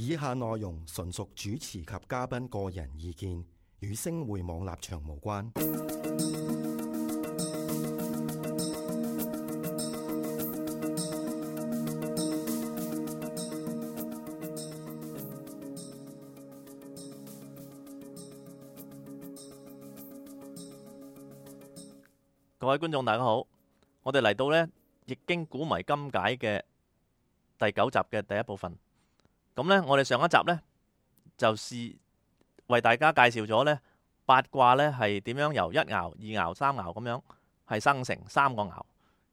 以下內容純屬主持及嘉賓個人意見，與星匯網立場無關。各位觀眾，大家好，我哋嚟到咧《易經古謎今解》嘅第九集嘅第一部分。咁咧，我哋上一集咧，就係為大家介紹咗咧八卦咧係點樣由一爻、二爻、三爻咁樣係生成三個爻。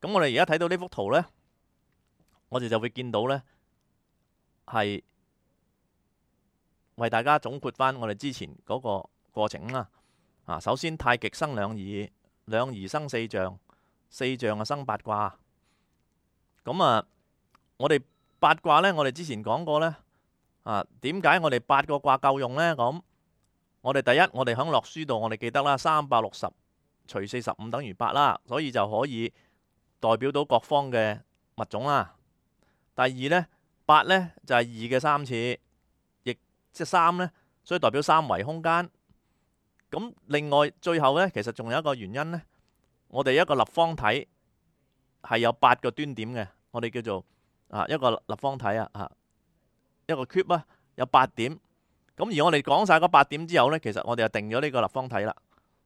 咁我哋而家睇到呢幅圖咧，我哋就會見到咧係為大家總括翻我哋之前嗰個過程啦。啊，首先太極生兩儀，兩儀生四象，四象啊生八卦。咁啊，我哋八卦咧，我哋之前講過咧。啊，點解我哋八個卦夠用呢？咁我哋第一，我哋喺落書度，我哋記得啦，三百六十除四十五等於八啦，所以就可以代表到各方嘅物種啦。第二呢，八呢就係二嘅三次，亦即係三呢，所以代表三維空間。咁另外最後呢，其實仲有一個原因呢，我哋一個立方體係有八個端點嘅，我哋叫做啊一個立方體啊一個 cube 有八點，咁而我哋講晒嗰八點之後呢，其實我哋就定咗呢個立方體啦。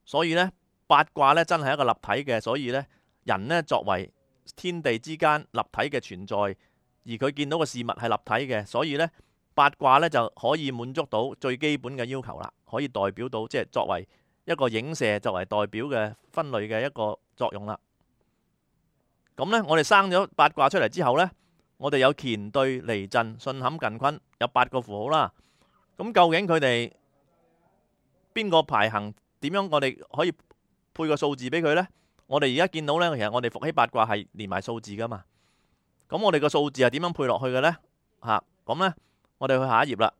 所以呢，八卦呢真係一個立體嘅，所以呢，人呢作為天地之間立體嘅存在，而佢見到個事物係立體嘅，所以呢，八卦呢就可以滿足到最基本嘅要求啦，可以代表到即係作為一個影射，作為代表嘅分類嘅一個作用啦。咁呢，我哋生咗八卦出嚟之後呢。我哋有乾兌離震巽、坎艮、坤，有八個符號啦。咁究竟佢哋邊個排行？點樣我哋可以配個數字俾佢呢？我哋而家見到呢，其實我哋伏羲八卦係連埋數字噶嘛。咁我哋個數字係點樣配落去嘅呢？吓，咁呢，我哋去下一頁啦。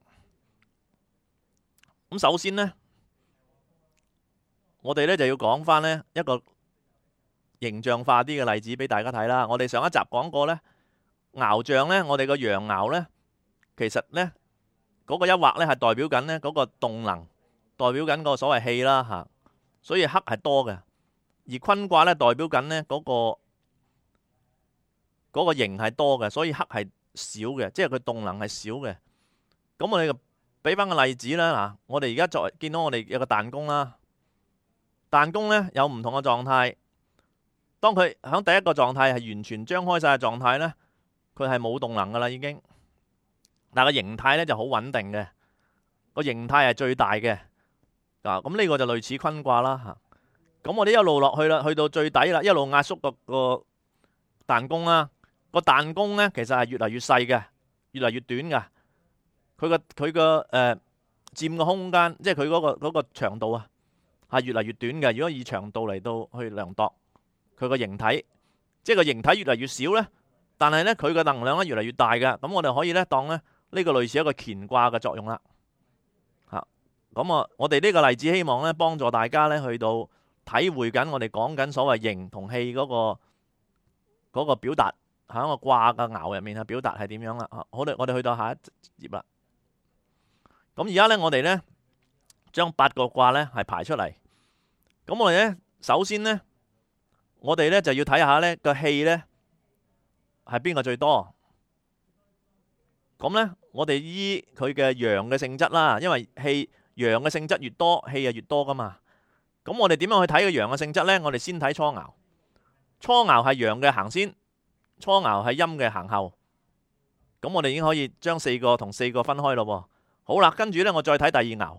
咁首先呢，我哋呢就要講翻呢一個形象化啲嘅例子俾大家睇啦。我哋上一集講過呢。牛爻象咧，我哋個陽爻咧，其實咧嗰個一劃咧係代表緊咧嗰個動能，代表緊個所謂氣啦吓。所以黑係多嘅，而坤卦咧代表緊咧嗰個嗰個形係多嘅，所以黑係少嘅，即係佢動能係少嘅。咁我哋就俾翻個例子啦嗱，我哋而家再見到我哋有個彈弓啦，彈弓咧有唔同嘅狀態，當佢響第一個狀態係完全張開晒嘅狀態咧。佢係冇動能噶啦，已經。但個形態咧就好穩定嘅，個形態係最大嘅。啊，咁呢個就類似坤卦啦嚇。咁我哋一路落去啦，去到最底啦，一路壓縮個個彈弓啦，啊。個彈弓咧其實係越嚟越細嘅，越嚟越短噶。佢個佢個誒佔嘅空間，即係佢嗰個嗰個長度啊，係越嚟越短嘅。如果以長度嚟到去量度佢個形體，即係個形體越嚟越少咧。但係咧，佢嘅能量咧越嚟越大嘅，咁我哋可以咧當咧呢個類似一個乾卦嘅作用啦，吓，咁啊，我哋呢個例子希望咧幫助大家咧去到體會緊我哋講緊所謂形同氣嗰個嗰個表達喺個卦嘅爻入面嘅表達係點樣啦，好，我哋我哋去到下一頁啦，咁而家咧我哋咧將八個卦咧係排出嚟，咁我哋咧首先咧我哋咧就要睇下咧個氣咧。係邊個最多？咁呢，呢，我哋依佢嘅陽嘅性質啦，因為氣陽嘅性質越多，氣啊越多噶嘛。咁我哋點樣去睇個陽嘅性質呢？我哋先睇初爻，初爻係陽嘅行先，初爻係陰嘅行後。咁我哋已經可以將四個同四個分開咯。好啦，跟住呢，我再睇第二爻，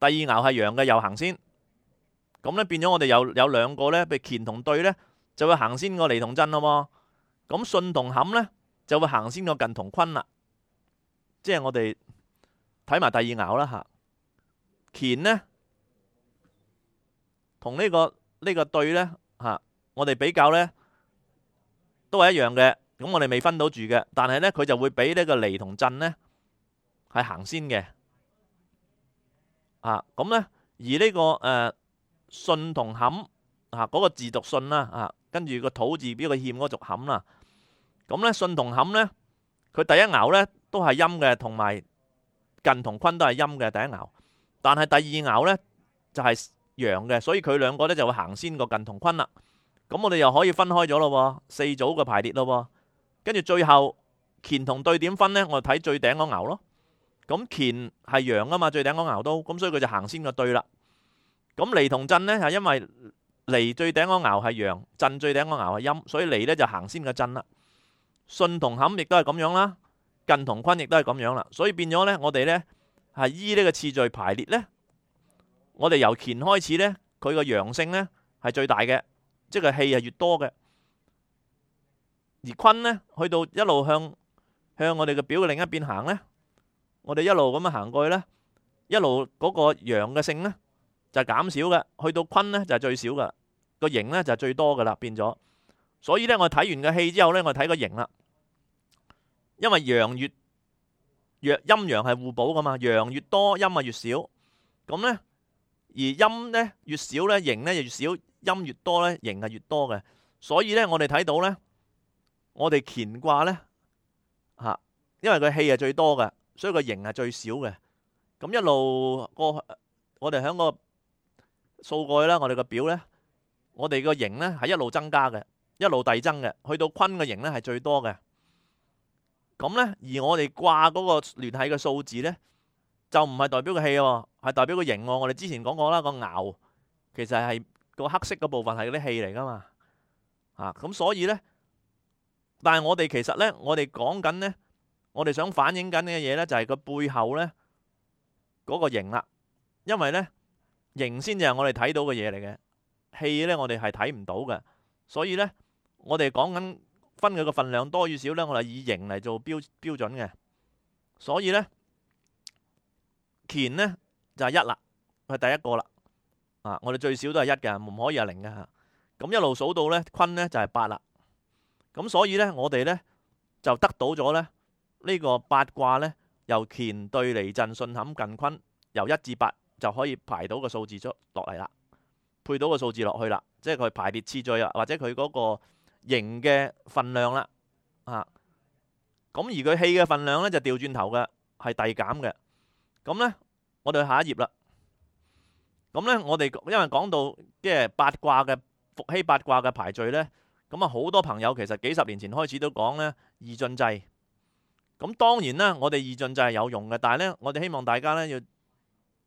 第二爻係陽嘅又行先。咁呢，變咗我哋有有兩個咧，譬如乾同兌呢，就會行先過離同震咯。咁巽同坎咧，就會行先個艮同坤啦。即係我哋睇埋第二爻啦吓，乾呢同呢、這個呢、這個對咧吓，我哋比較咧都係一樣嘅。咁我哋未分到住嘅，但係咧佢就會俾呢個離同震咧係行先嘅。啊，咁咧而呢、這個誒巽同、呃、坎嗰、啊那個字讀巽」啦、啊，跟住個土字表個欠嗰個讀坎啦。咁咧，信同坎咧，佢第一爻咧都係陰嘅，同埋近同坤都係陰嘅第一爻。但係第二爻咧就係陽嘅，所以佢兩個咧就會行先個近同坤啦。咁我哋又可以分開咗咯，四組嘅排列咯。跟住最後乾同兌點分咧？我哋睇最頂嗰爻咯。咁乾係陽啊嘛，最頂嗰爻都咁，所以佢就行先個兌啦。咁離同震咧係因為離最頂嗰爻係陽，震最頂嗰爻係陰，所以離咧就行先個震啦。巽同坎亦都係咁樣啦，艮同坤亦都係咁樣啦，所以變咗咧，我哋咧係依呢個次序排列咧，我哋由乾開始咧，佢個陽性咧係最大嘅，即係氣係越多嘅，而坤咧去到一路向向我哋嘅表嘅另一邊行咧，我哋一路咁樣行過去咧，一路嗰個陽嘅性咧就係減少嘅，去到坤咧就係最少嘅，個形咧就係最多噶啦，變咗，所以咧我睇完個氣之後咧，我睇個形啦。因為陽越、陽陰陽係互補噶嘛，陽越多陰啊越少，咁咧而陰咧越少咧，形咧就越少；陰越多咧，形係越多嘅。所以咧，我哋睇到咧，我哋乾卦咧吓，因為佢氣係最多嘅，所以個形係最少嘅。咁一路過，我哋響個數過去啦，我哋個表咧，我哋個形咧係一路增加嘅，一路遞增嘅，去到坤嘅形咧係最多嘅。咁咧，而我哋掛嗰個聯繫嘅數字咧，就唔係代表個氣喎，係代表個形喎。我哋之前講過啦，個牛其實係個黑色嘅部分係嗰啲氣嚟噶嘛，吓咁所以咧，但係我哋其實咧，我哋講緊咧，我哋想反映緊嘅嘢咧，就係個背後咧嗰個形啦，因為咧形先就係我哋睇到嘅嘢嚟嘅，氣咧我哋係睇唔到嘅，所以咧我哋講緊。分佢個份量多與少咧，我哋以形嚟做標標準嘅，所以咧乾咧就係一啦，係第一個啦。啊，我哋最少都係一嘅，唔可以係零嘅嚇。咁一路數到咧坤咧就係八啦。咁所以咧我哋咧就得到咗咧呢個八卦咧，由乾、兌、離、震、巽、坎、艮、坤，由一至八就可以排到個數字咗落嚟啦，配到個數字落去啦，即係佢排列次序啊，或者佢嗰個。形嘅份量啦，啊咁而佢氣嘅份量呢，就調轉頭嘅係遞減嘅。咁呢，我哋去下一頁啦。咁呢，我哋因為講到即係八卦嘅伏羲八卦嘅排序呢，咁啊好多朋友其實幾十年前開始都講呢，二進制。咁當然啦，我哋二進制係有用嘅，但係呢，我哋希望大家呢要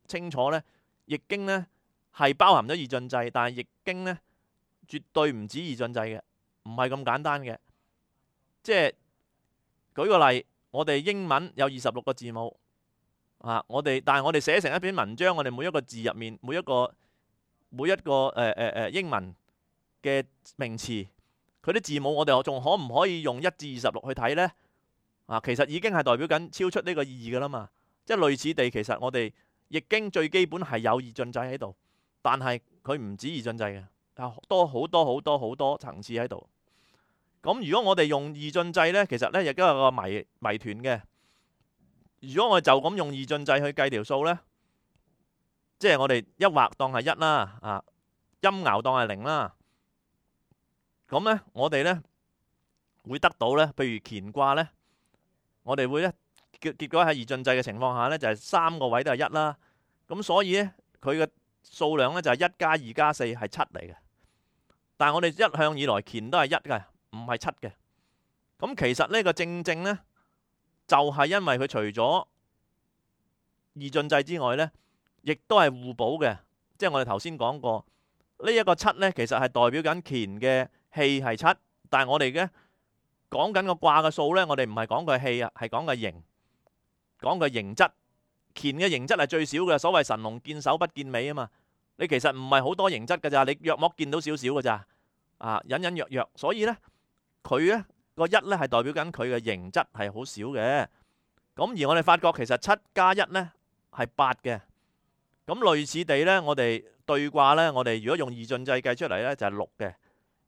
清楚呢，易經呢係包含咗二進制，但係易經呢絕對唔止二進制嘅。唔係咁簡單嘅，即係舉個例，我哋英文有二十六個字母啊，我哋但係我哋寫成一篇文章，我哋每一個字入面，每一個每一個誒誒誒英文嘅名詞，佢啲字母我哋仲，可唔可以用一至二十六去睇呢？啊，其實已經係代表緊超出呢個意義噶啦嘛，即係類似地，其實我哋易經最基本係有二進制喺度，但係佢唔止二進制嘅。好多好多好多好多層次喺度。咁如果我哋用二進制呢，其實呢亦都有個迷迷團嘅。如果我哋就咁用二進制去計條數呢，即係我哋一畫當係一啦，啊陰爻當係零啦。咁呢，我哋呢會得到呢，譬如乾卦呢，我哋會呢結果喺二進制嘅情況下呢，就係三個位都係一啦。咁所以呢，佢嘅數量呢，就係一加二加四係七嚟嘅。但係我哋一向以來乾都係一嘅，唔係七嘅。咁其實呢個正正咧，就係因為佢除咗二進制之外咧，亦都係互補嘅。即係我哋頭先講過，呢一個七咧，其實係代表緊乾嘅氣係七，但係我哋嘅講緊個卦嘅數咧，我哋唔係講佢氣啊，係講佢形，講佢形質。乾嘅形質係最少嘅，所謂神龍見首不見尾啊嘛。你其實唔係好多形質㗎咋，你約莫見到少少㗎咋，啊隱隱約約，所以呢，佢呢個一呢係代表緊佢嘅形質係好少嘅。咁而我哋發覺其實七加一呢係八嘅，咁類似地呢，我哋對卦呢，我哋如果用二進制計出嚟呢就係六嘅，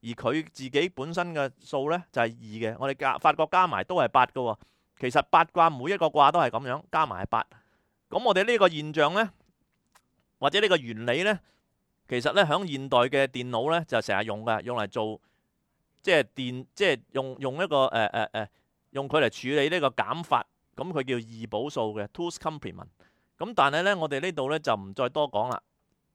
而佢自己本身嘅數呢就係二嘅。我哋加發覺加埋都係八嘅。其實八卦每一個卦都係咁樣加埋係八，咁我哋呢個現象呢。或者呢個原理呢，其實呢，喺現代嘅電腦呢，就成日用嘅，用嚟做即係電，即係用用一個誒誒誒，用佢嚟處理呢個減法，咁佢叫二補數嘅 two's complement。咁但係呢，我哋呢度呢，就唔再多講啦。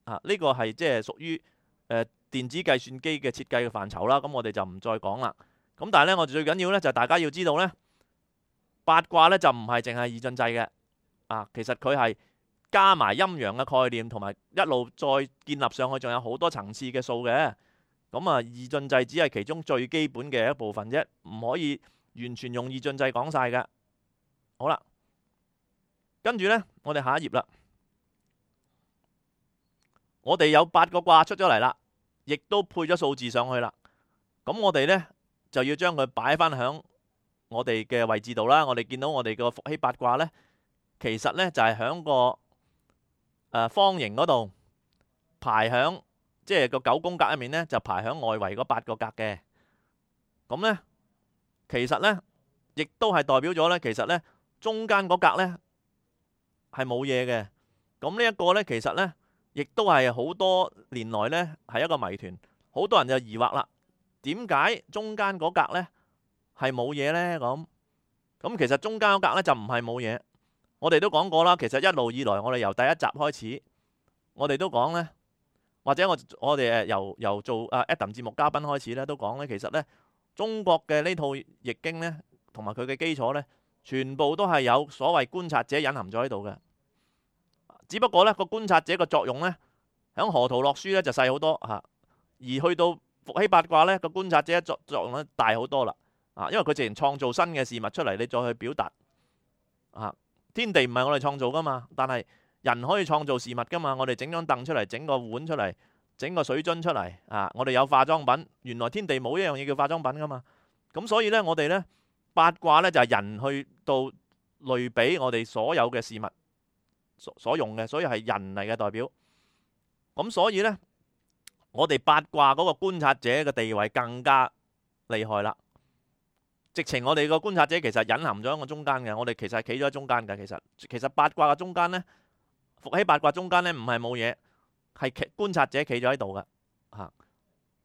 啊，呢個係即係屬於誒、呃、電子計算機嘅設計嘅範疇啦。咁我哋就唔再講啦。咁但係呢，我哋最緊要呢，就係、大家要知道呢，八卦呢，就唔係淨係二進制嘅。啊，其實佢係。加埋陰陽嘅概念，同埋一路再建立上去，仲有好多層次嘅數嘅。咁啊，二進制只係其中最基本嘅一部分啫，唔可以完全用二進制講晒㗎。好啦，跟住呢，我哋下一頁啦。我哋有八個卦出咗嚟啦，亦都配咗數字上去啦。咁我哋呢，就要將佢擺翻響我哋嘅位置度啦。我哋見到我哋個伏羲八卦呢，其實呢，就係響個。誒方形嗰度排響，即係個九宮格入面呢，就排響外圍嗰八個格嘅。咁呢，其實呢，亦都係代表咗呢，其實呢，中間嗰格呢係冇嘢嘅。咁呢一個呢，其實呢，亦都係好多年來呢係一個謎團，好多人就疑惑啦，點解中間嗰格呢係冇嘢呢？咁，咁其實中間嗰格呢就唔係冇嘢。我哋都講過啦，其實一路以來，我哋由第一集開始，我哋都講呢，或者我我哋由，由做 Adam 節目嘉賓開始咧，都講呢。其實呢，中國嘅呢套易經呢，同埋佢嘅基礎呢，全部都係有所謂觀察者隱含咗喺度嘅。只不過呢個觀察者嘅作用呢，響河圖洛書呢就細好多吓，啊，而去到伏羲八卦呢，個觀察者作作用呢大好多啦啊，因為佢自然創造新嘅事物出嚟，你再去表達啊。天地唔係我哋創造噶嘛，但係人可以創造事物噶嘛。我哋整張凳出嚟，整個碗出嚟，整個水樽出嚟啊！我哋有化妝品，原來天地冇一樣嘢叫化妝品噶嘛。咁所以咧，我哋咧八卦咧就係人去到類比我哋所有嘅事物所所用嘅，所以係人嚟嘅代表。咁所以咧，我哋八卦嗰個觀察者嘅地位更加厲害啦。直情，我哋個觀察者其實隱含咗喺個中間嘅。我哋其實係企咗喺中間嘅。其實其實八卦嘅中間咧，伏羲八卦中間咧，唔係冇嘢，係觀察者企咗喺度嘅吓。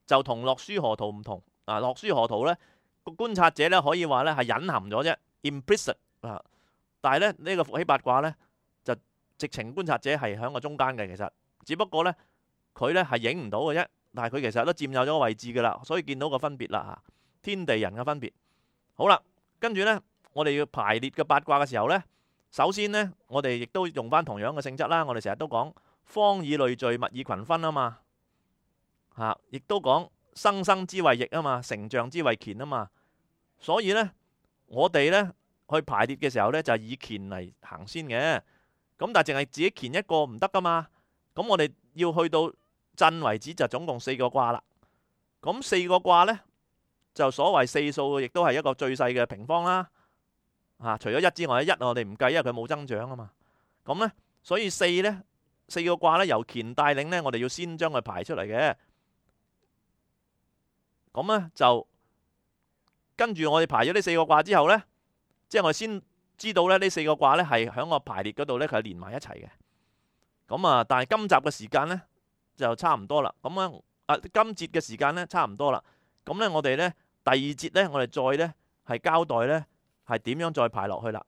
就同洛書河圖唔同啊。洛書河圖咧個觀察者咧可以話咧係隱含咗啫，implicit 啊。但係咧呢個伏羲八卦咧就直情觀察者係喺個中間嘅。其實只不過咧佢咧係影唔到嘅啫，但係佢其實都佔有咗個位置噶啦，所以見到個分別啦吓，天地人嘅分別。好啦，跟住呢，我哋要排列嘅八卦嘅時候呢，首先呢，我哋亦都用翻同樣嘅性質啦。我哋成日都講方以類聚，物以群分啊嘛，嚇、啊！亦都講生生之為易啊嘛，成象之為乾啊嘛。所以呢，我哋呢去排列嘅時候呢，就係、以乾嚟行先嘅。咁但係淨係自己乾一個唔得噶嘛。咁我哋要去到震為止，就總共四個卦啦。咁四個卦呢。就所謂四數，亦都係一個最細嘅平方啦。啊，除咗一之外，一我哋唔計，因為佢冇增長啊嘛。咁呢，所以四呢，四個卦呢，由乾帶領呢，我哋要先將佢排出嚟嘅。咁呢，就跟住我哋排咗呢四個卦之後呢，即係我先知道呢，呢四個卦呢係喺個排列嗰度呢佢係連埋一齊嘅。咁啊，但係今集嘅時間呢，就差唔多啦。咁啊，啊今節嘅時間呢，差唔多啦。咁呢，我哋呢。第二節咧，我哋再咧係交代咧係點樣再排落去啦。